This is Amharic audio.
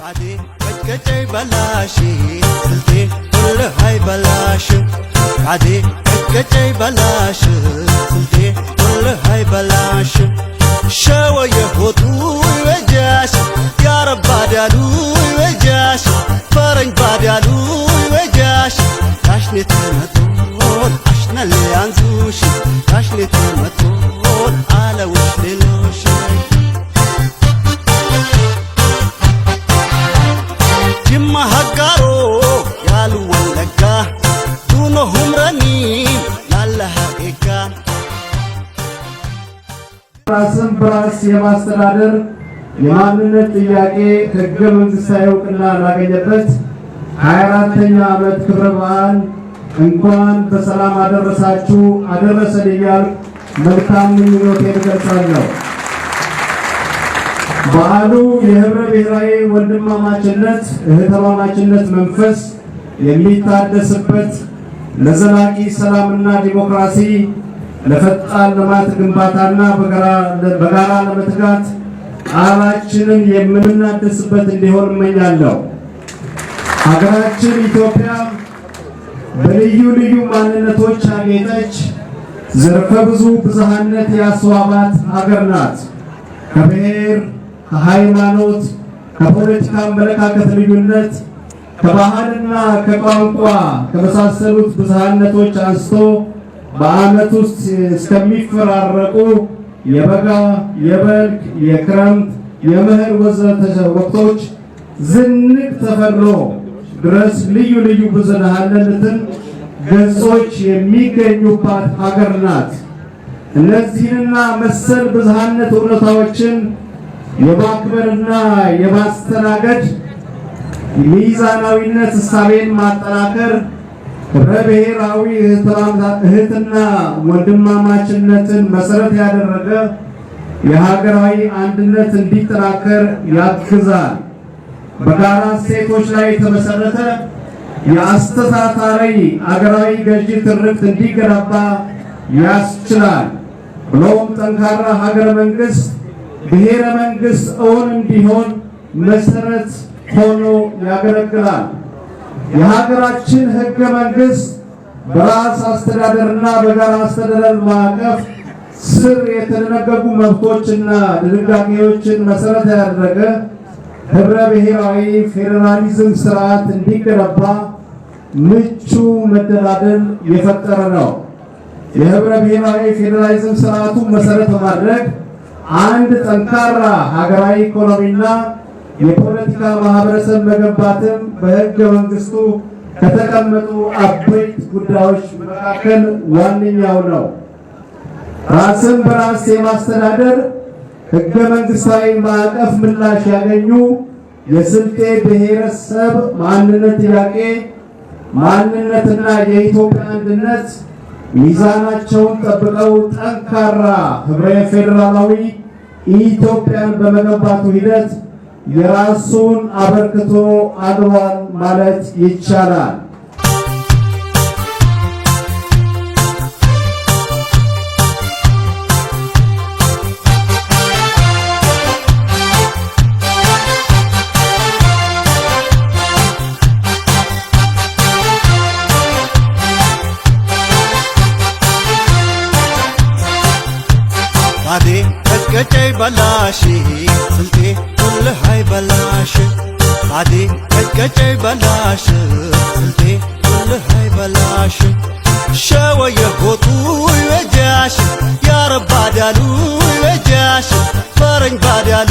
بعدين بدك بلاشي قلتي كل هاي بلاش بعدين هاي بلاش شوية وطول ኮንፈረንስ የማስተዳደር የማንነት ጥያቄ ህገ መንግስታዊ እውቅና ላገኘበት 24ኛ ዓመት ክብረ በዓል እንኳን በሰላም አደረሳችሁ አደረሰን እያልኩ መልካም ምኞቴን እገልጻለሁ። በዓሉ የህብረ ብሔራዊ ወንድማማችነት እህተማማችነት መንፈስ የሚታደስበት ለዘላቂ ሰላምና ዲሞክራሲ ለፈጣን ልማት ግንባታና በጋራ ለመትጋት ቃላችንን የምናድስበት እንዲሆን እመኛለሁ። ሀገራችን ኢትዮጵያ በልዩ ልዩ ማንነቶች ያጌጠች ዘርፈ ብዙ ብዝሃነት ያስዋባት ሀገር ናት። ከብሔር፣ ከሃይማኖት፣ ከፖለቲካ አመለካከት ልዩነት፣ ከባህልና ከቋንቋ ከመሳሰሉት ብዝሃነቶች አንስቶ በዓመት ውስጥ እስከሚፈራረቁ የበጋ፣ የበልግ፣ የክረምት፣ የምህር ወዘተ ወቅቶች ዝንቅ ተፈጥሮ ድረስ ልዩ ልዩ ብዝሃነትን ገጾች የሚገኙባት ሀገር ናት። እነዚህንና መሰል ብዝሃነት እውነታዎችን የማክበርና የማስተናገድ ሚዛናዊነት እሳቤን ማጠናከር ህብረብሔራዊ እህትና ወንድማማችነትን መሰረት ያደረገ የሀገራዊ አንድነት እንዲጠናከር ያግዛል። በጋራ እሴቶች ላይ የተመሰረተ የአስተሳሳሪ አገራዊ ገዢ ትርክት እንዲገነባ ያስችላል። ብሎም ጠንካራ ሀገረ መንግስት ብሔረ መንግስት እውን እንዲሆን መሰረት ሆኖ ያገለግላል። የሀገራችን ህገ መንግስት በራስ አስተዳደርና በጋራ አስተዳደር ማዕቀፍ ስር የተደነገጉ መብቶችና ድንጋጌዎችን መሰረት ያደረገ ህብረ ብሔራዊ ፌዴራሊዝም ስርዓት እንዲገነባ ምቹ መደላደል የፈጠረ ነው። የህብረ ብሔራዊ ፌዴራሊዝም ስርዓቱን መሰረት በማድረግ አንድ ጠንካራ ሀገራዊ ኢኮኖሚና የፖለቲካ ማህበረሰብ መገንባትም በህገ መንግስቱ ከተቀመጡ አበይት ጉዳዮች መካከል ዋነኛው ነው። ራስን በራስ የማስተዳደር ህገ መንግስታዊ ማዕቀፍ ምላሽ ያገኙ የስልጤ ብሔረሰብ ማንነት ጥያቄ ማንነትና የኢትዮጵያ አንድነት ሚዛናቸውን ጠብቀው ጠንካራ ህብረ ፌዴራላዊ ኢትዮጵያን በመገንባቱ ሂደት የራሱን አበርክቶ አድሯል ማለት ይቻላል። ባቴ ቀጭቀጨይ በላሽ ስልጤ ማዴ ቀጨ ይበላሽ እንዴ ሁልህ ይበላሽ ሸወ የሆቱ ይወጃሽ ያረብ ባዳሉ ይወጃሽ ፈረኝ ባዳሉ